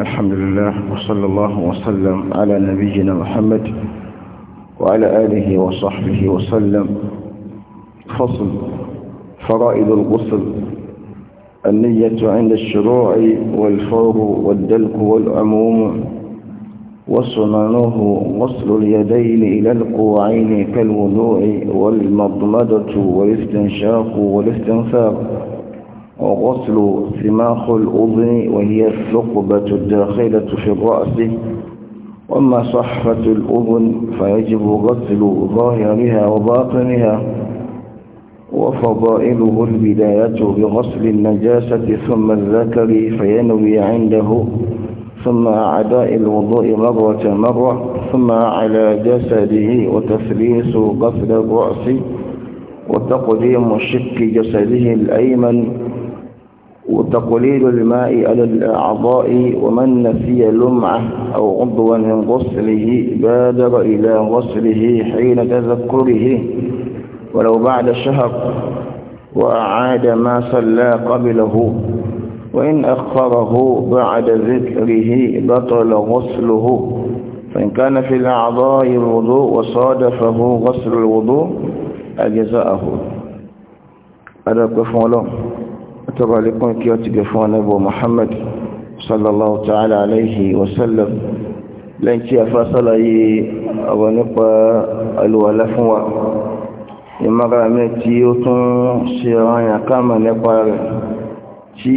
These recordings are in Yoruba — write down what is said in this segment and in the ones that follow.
الحمد لله وصلى الله وسلم على نبينا محمد وعلى آله وصحبه وسلم فصل فرائض الغسل النية عند الشروع والفور والدلك والعموم وسننه غسل اليدين إلى القوعين كالوضوء والمضمدة والاستنشاق والاستنفاق وغسل سماخ الأذن وهي الثقبة الداخلة في الرأس وأما صحفة الأذن فيجب غسل ظاهرها وباطنها وفضائله البداية بغسل النجاسة ثم الذكر فينوي عنده ثم أعداء الوضوء مرة مرة ثم على جسده وتثليث غسل الرأس وتقديم شك جسده الأيمن وتقليل الماء على الأعضاء ومن نسي لمعة أو عضوا من غسله بادر إلى غسله حين تذكره ولو بعد شهر وأعاد ما صلى قبله وإن أخره بعد ذكره بطل غسله فإن كان في الأعضاء الوضوء وصادفه غسل الوضوء أجزاءه هذا كفر الله ọ̀tọ́bà lẹ́kùn kí ọ ti gẹ̀ fún ọ̀nàbọ̀ Muhammad sallallahu ta'ala alayhi wa sallam lẹ́yìn tí a fa sálàyé ọ̀rọ̀ nípa alùwàlá fún wa ìmọ̀ra mi tí ó tún ṣe ọ̀ranyà káàmà nípa rẹ̀ tí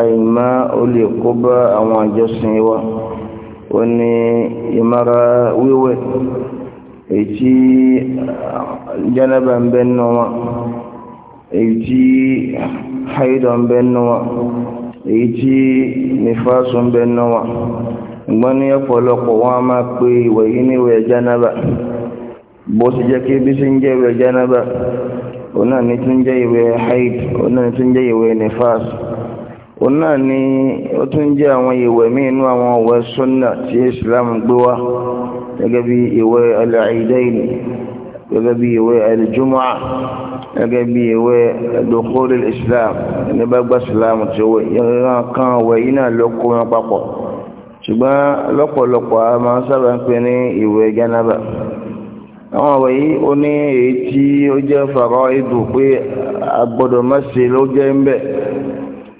àìmá ó lè kó bá àwọn àjọsìn wa ó ní ìmọ̀ra wíwẹ̀ èyí jẹ́nàbà ń bẹ́ nù wọn èyí haidọ̀ ń bẹ nínú wọn èyí tí nífàsù ń wọn a máa pe ìwẹ̀ yìí ní ìwẹ̀ jánábà bó ti jẹ́ kí bí sí ń jẹ́ ìwẹ̀ náà tún jẹ́ ìwẹ̀ haid náà tún jẹ́ ìwẹ̀ ni ó tún jẹ́ àwọn ìwẹ̀ àwọn sunna Islam gbé gẹ́gẹ́ bí gẹ́gẹ́ bí ìwé ẹlẹ́júmọ́ gẹ́gẹ́ bí ìwé ẹ̀dọ́kọ́rẹ́ islam ẹni bá gba islam tí ó ìran kan wẹ̀ yìí náà ló kó wọn papọ̀ ṣùgbọ́n lọ́pọ̀lọpọ̀ a máa ń sábà ń pè ní ìwé janaba àwọn ọ̀wẹ̀ yìí ó ní èyí tí ó jẹ́ fàrọ̀ ìdù pé agbọ́dọ̀ má ṣe ló jẹ́ ń bẹ̀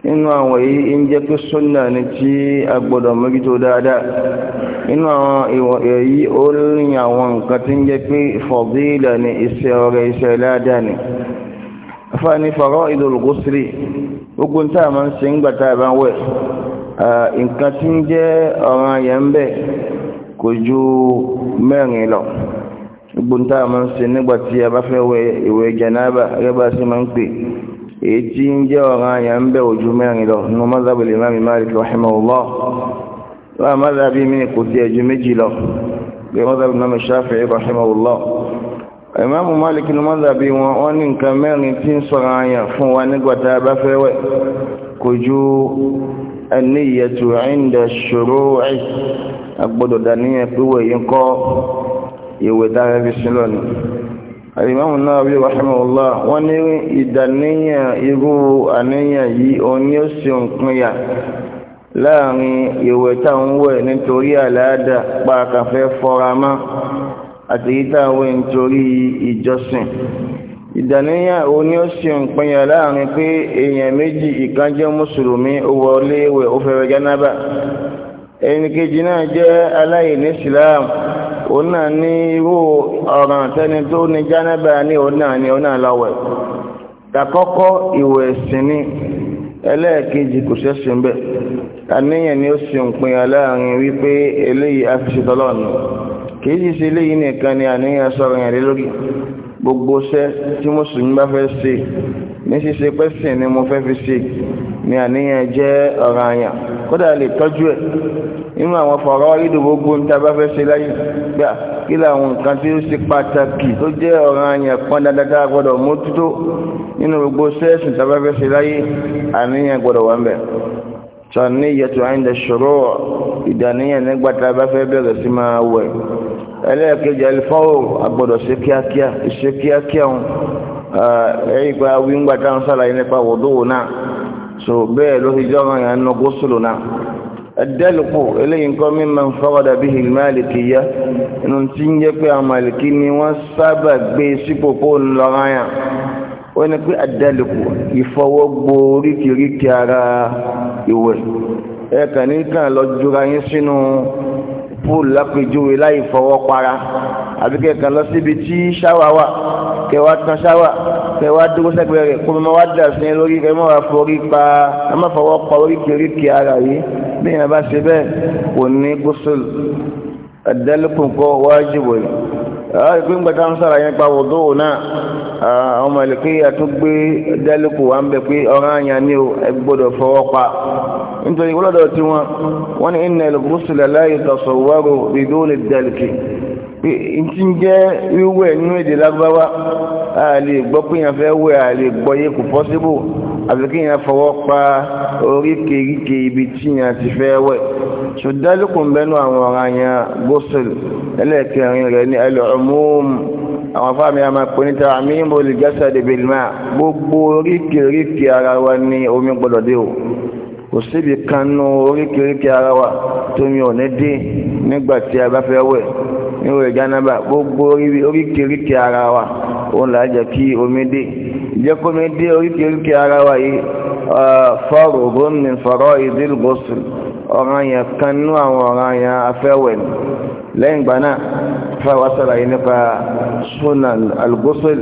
nínú àwọn èyí ń jẹ́ pé sunna ni tí agbọ́dọ̀ mójútó dáadáa inú àwọn ìwọ̀ èyí ó ní àwọn nǹkan tí ń jẹ́ pé fọ̀dílà ni iṣẹ́ ọrẹ iṣẹ́ ládà ni afá ní fọ̀rọ̀ ìdòlùgúsírí gbogbo tí a máa ń ṣe ń gbàtà bá wẹ̀ nǹkan tí ń jẹ́ ọ̀ràn yẹn bẹ̀ kò ju mẹ́rin lọ gbogbo tí a máa ń ṣe nígbà tí a bá fẹ́ wẹ̀ ìwẹ̀ jẹ̀náàbà rẹ́bà sí máa ń pè èyí tí ń jẹ́ ọ̀ràn yẹn bẹ̀ kò ju mẹ́rin lọ wọ́n mọ́sàbí mi kò tí ẹ̀jú méjì lọ bí mọ́sàbí náà Shafi'i rahimahullah ìmáàmù Malik ní mọ́sàbí wọn wọ́n ní nǹkan mẹ́rin tí ń sọ̀rọ̀ àyàn fún wa nígbàtà bá fẹ́ wẹ̀ kò ju an-niyyatu 'inda shuru'i agbọ́dọ̀ dàníyàn píwẹ̀ yìí kọ́ ìwé dára fi sí lọ́nà Al-Imam láàrin ìwẹ̀ tá ń wẹ̀ nítorí àláàdà pàkàfẹ́ fọ́ramá àti ìta wẹ̀ nítorí ìjọsìn ìdàníyàn oní ó sì ń pínyà láàrin pé èèyàn méjì ìkan jẹ́ mùsùlùmí ó wọlé ìwẹ̀ ó fẹ́rẹ̀ jánábà ẹni kejì náà jẹ́ aláìní islam ó náà ní irú ọ̀ràn tẹ́ni tó ní jánábà ní ó náà ní ó náà lọ́wẹ̀ kàkọ́kọ́ ìwẹ̀ ẹ̀sìn ni ẹlẹ́ẹ̀kejì kò ṣẹ́ṣin bẹ́ẹ̀ àníyàn ni ó ṣe òpin aláàrin wípé eléyìí afiṣetọ́lọ́nù kìí sì ṣe eléyìí nìkan ni àníyàn sọ̀rọ̀ yẹn lé lórí gbogbo iṣẹ́ tí mùsùlùmí bá fẹ́ ṣe ní ṣíṣe pẹ́sìn ni mo fẹ́ fi ṣe ni àníyàn jẹ́ ọ̀ranyàn kódà lè tọ́jú ẹ̀ nínú àwọn fọ̀rọ̀ ìdòwò gbóhùn tí a bá fẹ́ ṣe láyé gbà kí làwọn nǹkan tí ó ṣe pàtàkì tó jẹ́ ọ̀ràn àyàn pọn dandanká gbọ́dọ̀ mójútó nínú gbogbo sẹ́ẹ̀sùn tí a bá fẹ́ ṣe láyé àníyàn gbọ́dọ̀ wà ń bẹ̀. sọ̀níyẹ̀tò àyíǹda ṣòro ìdàníyàn nígbà tí a bá fẹ́ bẹ̀rẹ̀ sí máa wẹ̀. ẹlẹ́ẹ̀kejì alifọ́wò agbọ́dọ̀ ṣe kíákíá ṣe kíákíá wọn ẹ̀yìn pé awíngbà ẹ̀dẹ́lùpù eléyìí nǹkan mímọ̀ fọ́wọ́dà bí ìmáàlìkì yá inú tí ń jẹ́ pé àmàlìkì ni wọ́n sábà gbé sípò kó ń lọ ráyà ó ní pé ẹ̀dẹ́lùpù ìfọwọ́gbó oríkìríkì ara ìwẹ̀ ẹ̀ẹ̀kan nìkan lọ jura yín sínú púùlù lápèjúwe láì fọwọ́ para àbí kẹ̀kan lọ síbi tí ṣáwà wà kẹwàá tán ṣáwà kẹwàá dúró sẹ́gbẹ̀ẹ́ rẹ̀ kó mọ́ wá dà sí lórí kẹ́ mọ́ wá pa ẹ má fọwọ́ pa oríkìríkì ara yìí bí yẹn bá ṣe bẹ́ẹ̀ kò ní gúúsùl ẹ̀dẹ́lẹ́kùn kọ́ wájìbò yìí ìpínpẹ̀ tá ń sára yẹn pa wòdó náà àwọn mọ̀lẹ́kẹ́ yà tó gbé dẹ́lẹ́kù wá ń bẹ̀ pé ọ̀rọ̀ àyà ni ó gbọ́dọ̀ fọwọ́ pa nítorí gbọ́dọ̀ tí wọ́n wọ́n ní iná ìlúkúsùlẹ̀ láyé tọ̀sọ̀wọ́rò ìdó lè dẹ́lẹ́kì tí ń jẹ́ wíwẹ̀ nínú èdè lágbáwá a gbọ́ pé yẹn fẹ́ wẹ̀ a gbọ́ yé kò pọ́síbù àbí kí yẹn fọwọ́ pa oríkèríkè ibi tí yẹn ti fẹ́ wẹ̀ ṣùgbọ́n lókun bẹ́nu àwọn ọ̀ràn yẹn gọ́sẹ̀l ẹlẹ́ẹ̀kẹrin rẹ̀ ní ẹlọ́ọ̀mùmù àwọn fáàmì àmà pè ní tààmì ìmọ̀lì gẹ́sẹ̀ dèbìlmá gbogbo oríkèríkè ara wa ní omi gbọ́dọ̀ dé o kò síbi kan nú oríkèríkè ara wa tó òun làá kí omi dé jẹ́ kó mi dé oríkèé oríkèé ara wa yìí fọ́rọ̀ ògùn ní fọ́rọ̀ ìdílù gọ́sùn ọ̀ràn yẹn kan nú àwọn ọ̀ràn yẹn afẹ́wẹ̀ ni lẹ́yìn ìgbà náà fáwọn sọ̀rọ̀ yìí nípa sunan al-ghusl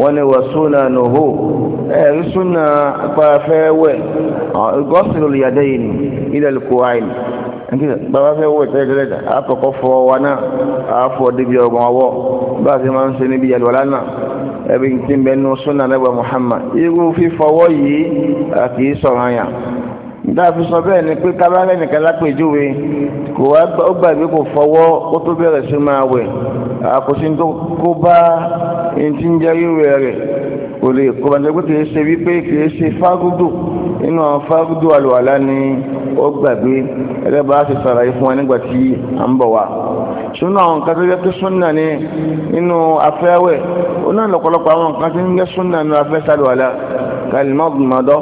wọ́n ní wà sunan òhù ẹ̀rí sunan pàfẹ́wẹ̀ gọ́sùn ẹbí tí ń bẹ nínú súnà lẹ́gbẹ̀ẹ́ Muhammad yi fífọwọ́ yìí kì í sọ̀rọ̀ yàn dáàfin sọ bẹ́ẹ̀ ni pé kábàárẹ̀ nìkan lápèjúwe kò wá ó gbàgbé kò fọwọ́ ó tó bẹ̀rẹ̀ sí máa wẹ̀ àkóso tó kó bá ẹni ń jẹ́ wíwẹ̀ rẹ̀ kò lè kó bàjẹ́ pé kìí ṣe wípé kìí ni ó ẹlẹ́bàá ti sàlàyé fún wa sínú àwọn nǹkan tó yẹ kí súnà ní nínú afẹ́wẹ̀ oná lọ́pọ̀lọpọ̀ àwọn nǹkan tó ń yẹ súnà nínú afẹ́ sálùwàlá kalimọ́dúnmọ́dọ́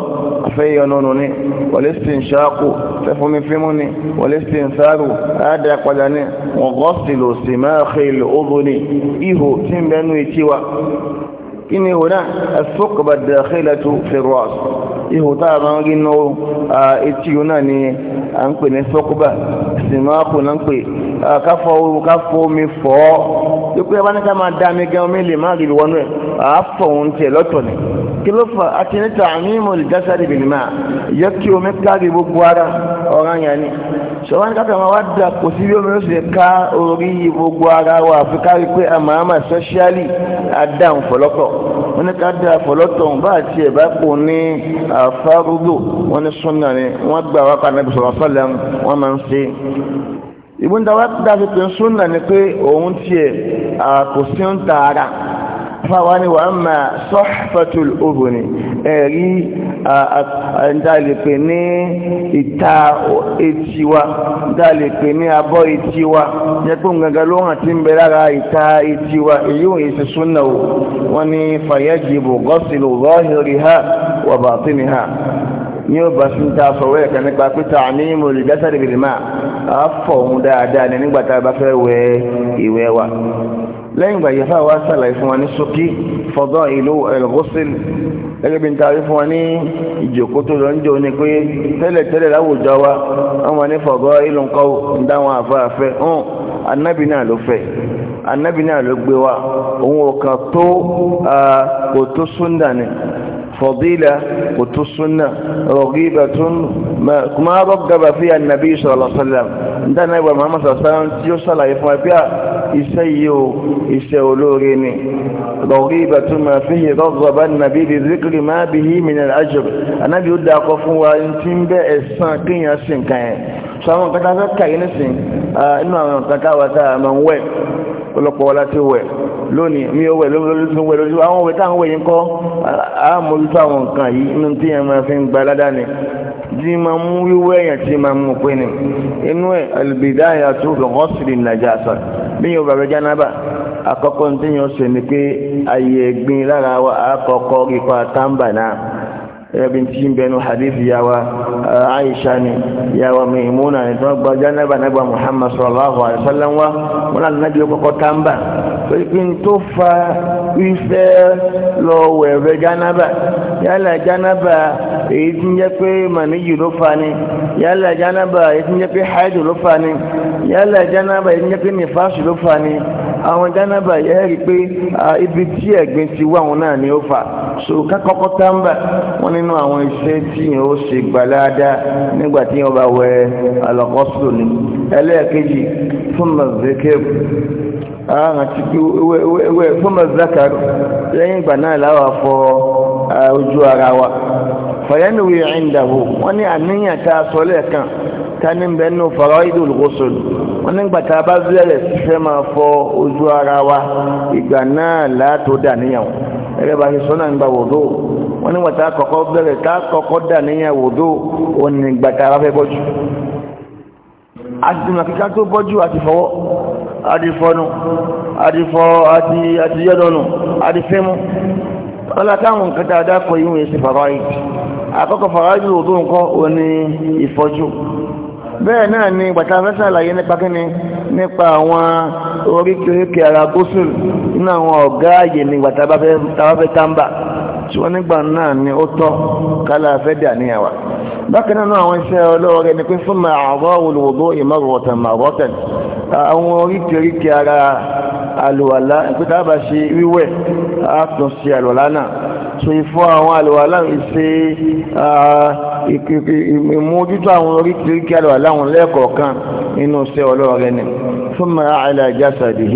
afẹ́ yọnúnu ní wọlé stinṣáàkù fẹ́fúnmi fímú ní wọlé stinṣáàrù àádá padà ní wọ́n gọ́sìlò sí máa xèlè óbó ní ihò tí ń bẹ́nu ìtí wa kí ni ihò náà asọ́kọ̀bà dàkẹ́lẹ̀ tó fẹ́rọ̀ àṣọ ihò a máa ń rí náà etí yóò náà ní à ń Ah, káfọ ooru káfọ omi fọ ọ pípé abáníkà máa dá mi gan omi lè má rí wọnú ẹ àáfọ òun tiẹ̀ lọ́tọ̀ ni kí ló fà á ti ní tààmìmù ìdásáré bìnnìmá yẹ kí omi kárí gbogbo ara ọ̀ràn yẹn ni sọ̀rọ̀ ní káfíà máa wá dà kò sí bí omi ó sì ká orí gbogbo ara wa àfi kárí pé àmàmà sọ́ṣíálì àdáhùn fọlọ́kọ̀ wọ́n ní ká dá fọlọ́tọ̀ bá àti ẹ̀ bá kò ní àfárúgbò wọ́n ní súnà ni wọ́n gbà wá pa nàbì sọ̀rọ̀ sọ́lẹ̀ wọ́n máa ń ṣe ìgbóńdáwá dájú pé súnà ni pé òun tiẹ̀ kò sí ń tààrà fáwa ni wàá ma sọ́fàtul obìnrin ẹ̀rí dáàlèpè ní ìta etí wa dáàlèpè ní abọ́ etí wa yẹ́pùn gangan ló hàn tí ń bẹ lára ìta etí wa èyí òun èsì súnà wọ́n ni fàyẹ́jì bò gọ́sìlò rọ́hìrì ha wà bàtínì ha ní ó bá sún tá a sọ wẹ́ẹ̀ kan nípa pé tá a ní mo lè dásà lè gbèdémà á ohun dáadáa ní nígbà tá a bá fẹ́ wẹ ìwẹ̀ wa lẹ́yìn ìgbà yẹn fáwọn aṣàlàyé fún wa ní ṣókí fọ́dọ̀ ìlú ẹ̀lọ́gọ́sìn gẹ́gẹ́ bí n taari fún wa ní ìjòkó tó lọ ń jò ní pé tẹ́lẹ̀tẹ́lẹ̀ láwùjọ wa wọ́n wà ní fọ̀gọ́ ìlú ńkọ́ ń dá wọn àfáàfẹ́ hàn anábì náà ló fẹ́ فضيلة قدس السنة رغيبة ما رغب فيها النبي صلى الله عليه وسلم ده نبي محمد صلى الله عليه وسلم يوصل يفهم فيها يسيو يسولوريني رغيبة ما فيه رغب النبي بذكر ما به من الأجر النبي يدعى قفوا ينتم بإحسان كي يسين كان سواء كتابة كاينسين إنه كتابة من وين ọ̀pọ̀lọpọ̀ wọlá tí ó wẹ̀ lónìí mi ò wẹ̀ lóṣù wẹ̀ lóṣù àwọn òwe táwọn wẹ̀yìn kọ́ àmójútó àwọn nǹkan yìí inú tí yẹn máa fi ń gba ládàá ni tí máa mú wíwọ́ èèyàn tí máa mú pé ni inú ẹ̀ al-bidāyah tó lọ́kọ́ sí ní najāsah bí yóò bàbá jánábà àkọ́kọ́ tí yóò ṣe ni pé ayé gbin lára wa àkọ́kọ́ ipa táǹbà náà ẹbí tí ń bẹnu hadith yawa eh, aisha ni yawa maimuna ni tó gba janaba nagba muhammad sallallahu alaihi wasallam wa wọn náà nàbí kọ́kọ́ tàǹbà torí tó fa ìfẹ́ lọ wẹ̀rẹ̀ janaba yálà janaba èyí tí ń jẹ́ pé màníyù ló fa ni yálà jánábà èyí tí ń jẹ́ pé haidu ló fa ni yálà jánábà èyí ibi tí ẹ̀gbin ti wá wọn náà ni ó fa so kákọ́kọ́ táǹbà wọ́n nínú àwọn iṣẹ́ tí yẹn ó ṣe gbàláàdá nígbà tí yẹn bá wẹ ni ẹlẹ́ẹ̀kejì fún mọ̀zẹ́kẹ́bù àwọn ewé fún lẹ́yìn ìgbà náà fàyẹ́nùwé ìrìndàwó wọ́n ní àníyàn tá a sọ lẹ́ẹ̀kan ta ní bẹ́ẹ̀ nù fọ̀rọ̀ ìdòl ghusl wọ́n nígbà tá a bá bẹ̀rẹ̀ fẹ́ máa fọ ojú ara wa ìgbà náà látò dàníyàwó ẹgbẹ́ bá ṣe sọ́nà nígbà wòdó wọ́n nígbà tá a bẹ̀rẹ̀ tá a kọ́kọ́ dàníyàwó wòdó òun nígbà tá bá fẹ́ bọ́jú àti táwọn nǹkan tá a dákọ̀ yìí wọ́n àkọ́kọ́ fàrájú òdó nǹkan òní ìfọ́jú bẹ́ẹ̀ náà ni bàtà fẹ́sẹ̀ àlàyé nípa kíni nípa àwọn oríkèéríkèé ara gúúsùn nínú àwọn ọ̀gá àyè ní bàtà bá fẹ́ tàǹbà tí wọ́n nígbà náà ni ó tọ́ kálá fẹ́ dà ní àwà bákan náà àwọn iṣẹ́ ọlọ́ọ̀rẹ́ ni pé fún ma àwọn olùwòdó ìmọ̀rọ̀tàn mọ̀rọ̀tàn àwọn oríkèéríkèé ara àlùwàlá ìpítàbà so ìfọ̀ àwọn àlùwàlá ìṣe ìmójútó àwọn oríkìríkì àlùwàlá àwọn lẹ́ẹ̀kọ̀ọ̀kan nínú iṣẹ́ ọlọ́run rẹ̀ nìyẹn. ثم على جسده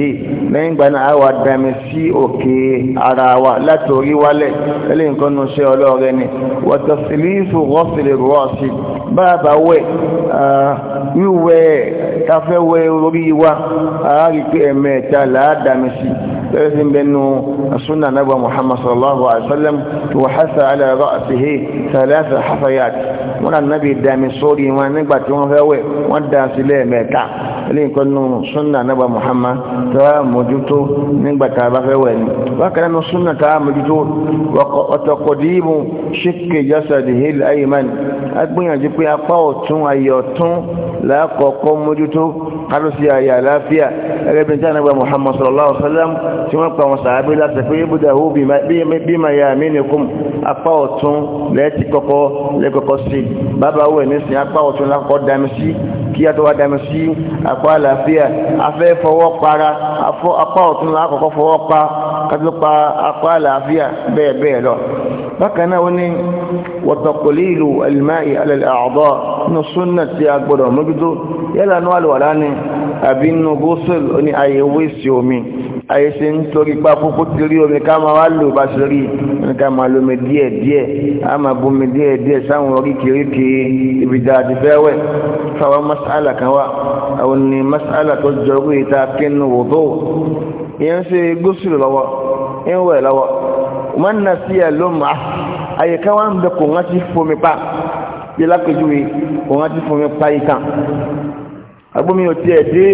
lẹ́yìn gbaná àwa dami sí òkè ara wa láti orí wálẹ̀ lẹ́yìn nǹkan nu ṣe ọlọ́ọ̀rẹ́ ni wọ́tọ̀sílífù rọ́ọ̀sìlì rọ́ọ̀sì báàbá wẹ̀ wíwẹ̀ káfẹ́ wẹ̀ orí wa àárípé ẹ̀mẹ́ta làádàmì sí lẹ́yìn bẹnu súnà nàbà muhammad sallallahu alaihi wasallam wa hasa ala ra'sihi thalatha hasayat wọn nàbì dami sórí wọn nígbà tí wọ́n fẹ́ wẹ̀ wọ́n dà ilé nǹkan nù súnà nàbà Muhammad tó a mójútó nígbà tá a bá fẹ́ wẹ̀ ni bákan nù súnà tá a mójútó ọ̀tọ̀kọ̀dìmù ṣíkè jásàdì hill ayman agbóyànjú pé apá ọ̀tún ayé ọ̀tún lákọ̀ọ́kọ́ kárò sí ayé àlàáfíà gẹ́gẹ́ bí jẹ́ àgbà Muhammad sallallahu alaihi wasallam tí wọ́n pa wọn sàábé láti pé ibùdó àwọn bí ma ya mí nìkún apá ọ̀tún lẹ́ẹ̀tì kọ́kọ́ lẹ́kọ́kọ́ sí bàbá wẹ̀ nísìn apá ọ̀tún lákọ́ dami sí kí a tó wá dami sí apá àlàáfíà afẹ́ fọwọ́ para apá ọ̀tún lákọ́kọ́ fọwọ́ pa kátó pa apá àlàáfíà bẹ́ẹ̀ bẹ́ẹ̀ lọ bákan náà ó ní wọ̀tọ̀kọ̀lẹ́ ìlú alimáì alẹ́lẹ́àbọ̀ nínú súnà tí a gbọ́dọ̀ mójútó yálà ní àlùwàlá ni àbí nínú gúúsùl ó ní ayé wíìsì omi ayé ṣe ń torí pa púpọ̀ ti rí omi ká máa wá lò bá ṣe rí ní máa lómi díẹ̀ díẹ̀ á máa bómi díẹ̀ díẹ̀ sáwọn orí kìríkì ibi dáa ti fẹ́ fáwọn mas'ala kan wà àwọn ni mas'ala tó jọ wíìta kínú wòdó wọn na sí ẹ ló ma àyè ká wọn bẹ kò wọn ti fomi pa bí lápẹjúwe kò wọn ti fomi pa yìí tán agbómi ò tiẹ̀ dé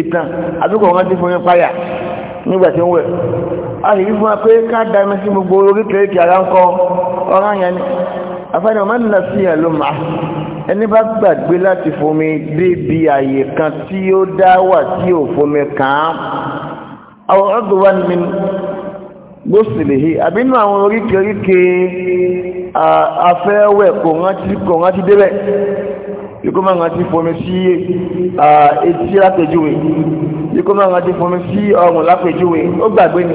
ìtàn àbí kò wọn ti e fomi pa yà nígbà tí ń wẹ̀ a lè rí fún wa pé da ẹmẹ sí gbogbo oríkèéríkèé ara ń kọ ọ̀ràn ni àfẹ́ni wọn na sí ẹ ẹni bá gbàgbé láti fomi débi àyè kan tí ó dá wà tí ò fomi kàn án àwọn ọdún wa ni gbósìlèhé àbí nínú àwọn oríkèríkè afẹ́wẹ̀ kò rántí kò rántí débẹ̀ yíkó máa rántí fomi sí etí lápèjúwe yíkó máa rántí fomi sí ọrùn lápèjúwe ó gbàgbé ni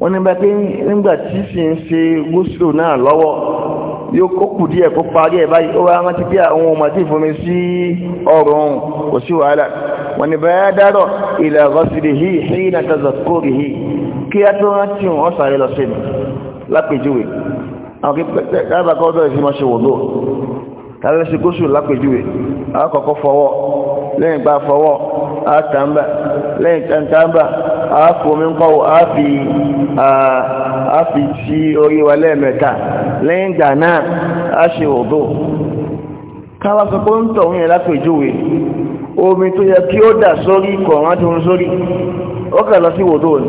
wọ́n ní bẹ́ẹ̀ pé nígbà tí sì ń ṣe gbósìlò náà lọ́wọ́ yóò kó kù díẹ̀ kó parí ẹ̀ báyìí ó wá rántí pé àwọn ọmọ tí fomi sí ọrùn kò sí wàhálà wọ́n ní bẹ́ẹ̀ dárọ̀ ila ghaslihi hina tazakurihi kí á tó rántí wọn sáré lọ sí mi lápèjúwe àwọn kí pẹ́tẹ́ káàbà kọ́ bẹ̀rẹ̀ sí máa ṣe wòlò tàbí sí gúúsù lápèjúwe àwọn kọ̀kọ́ fọwọ́ lẹ́yìn gba fọwọ́ àtàǹbà lẹ́yìn tàǹtàǹbà àfòmí àfi àfi sí orí wa lẹ́ẹ̀mẹ́ta lẹ́yìn ìgbà náà a ṣe wòlò káwà sọ pé ń tọ̀hún yẹn lápèjúwe omi tó yẹ kí ó dà sórí kọ̀ọ̀rán tó ń sórí ó kà lọ sí wòlò ni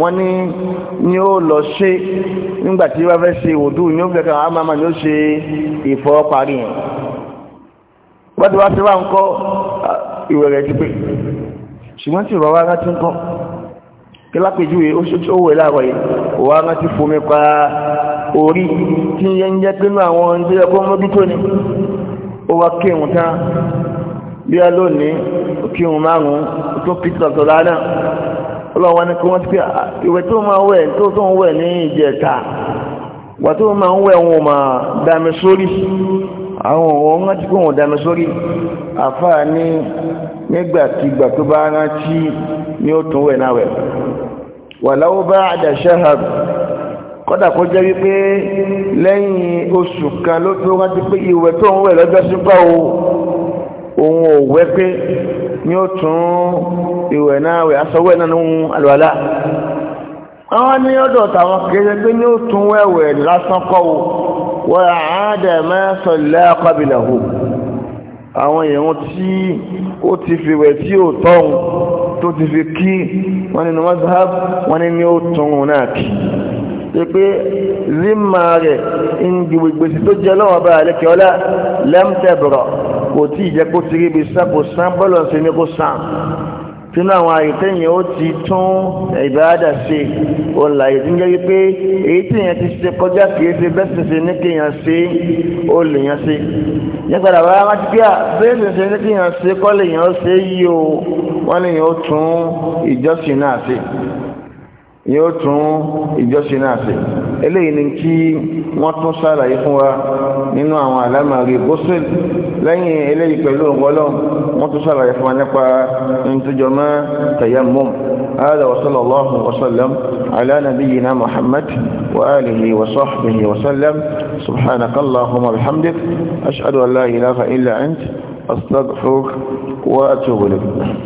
wọ́n ní ni ó lọ ṣe nígbà tí wọ́n fẹ́ ṣe òdù ni ó fẹ́ kàn án máa ní ó ṣe ìfọwọ́parí yẹn wọ́n ti wá sí wa ń kọ́ ìwẹ̀ rẹ̀ ti pé ṣùgbọ́n tí ìrọ̀wá ara ti ń kọ́ kí lápèjúwe ó wẹ̀ láàrọ̀ yìí òwá ara ti fomi pa orí tí yẹn ń jẹ́ pínú àwọn ohun tó yẹ kó mójútó ni ó wá kéwùn tán bí a lónìí kéwùn márùn-ún tó pítọ̀ tọ̀lá náà ọlọ́run wa ní kí wọ́n ti pé ah, ìwẹ̀ tó máa wẹ̀ tó tó ń wẹ̀ ní ìjẹta wà tó máa ń wẹ̀ wọn máa dami sórí àwọn òun rántí pé wọn dami sórí àfáà ní nígbàkigbà tó bá rántí ní ó tún wẹ̀ náà wẹ̀ wà láwọ́ bá àdàṣẹ́ àrùn kọ́dà kó jẹ́ wípé lẹ́yìn oṣù kan ló tó rántí pé ìwẹ̀ tó ń wẹ̀ lọ́jọ́ sípá o òun ò wẹ̀ pé ni ó tún ìwẹ̀ náà wẹ̀ asọ́wẹ̀ náà ní alùwàlá àwọn ní ọ̀dọ̀ tàwọn kéré pé ni ó tún wẹ̀wẹ̀ lásán kọ́ o wọ́n àádẹ́ mẹ́sàn lẹ́ẹ̀kọ́bìlẹ̀ hù àwọn èèyàn tí ó ti fi wẹ̀ tí ó tọ́hun tó ti fi kí wọ́n nínú mazhab wọ́n ní ni ó tún náà kí pé zimma rẹ̀ ń gbogbo sí tó jẹ́ lọ́wọ́ bá àlẹ́kẹ́ ọlá lẹ́mtẹ̀bọ̀rọ̀ kò tí ì jẹ́ kó ti rí ibi sán kò sán bọ́lọ̀ sí ni kó sán sínú àwọn àyètẹ́yìn ó ti tún ìbáradà ṣe òun làyè tí ń jẹ́ wípé èyí tí èèyàn ti ṣe kọjá kìí ṣe bẹ́ẹ̀ sì ṣe ní kéèyàn ṣe ó lè yàn ṣe yẹn padà wá wá ti bíà bẹ́ẹ̀ sì ṣe ní kéèyàn ṣe kọ́ lè yàn ó ṣe yí o wọ́n lè yàn ó tún ìjọsìn náà ṣe yóò tún ìjọsìn náà ṣe eléyìí ni kí wọ́n tún ṣàlàyé fún wa nínú àwọn àlámàrí bóṣèl lẹ́yìn eléyìí pẹ̀lú ọ̀gọ́lọ́ wọ́n tún ṣàlàyé fún wa nípa ntújọmọ́ tayammum ala wa sallallahu wa sallam ala nabiyyina muhammad wa alihi wa sahbihi wa subhanaka allahumma bihamdik ashhadu an ilaha illa ant astaghfiruka wa atubu ilayk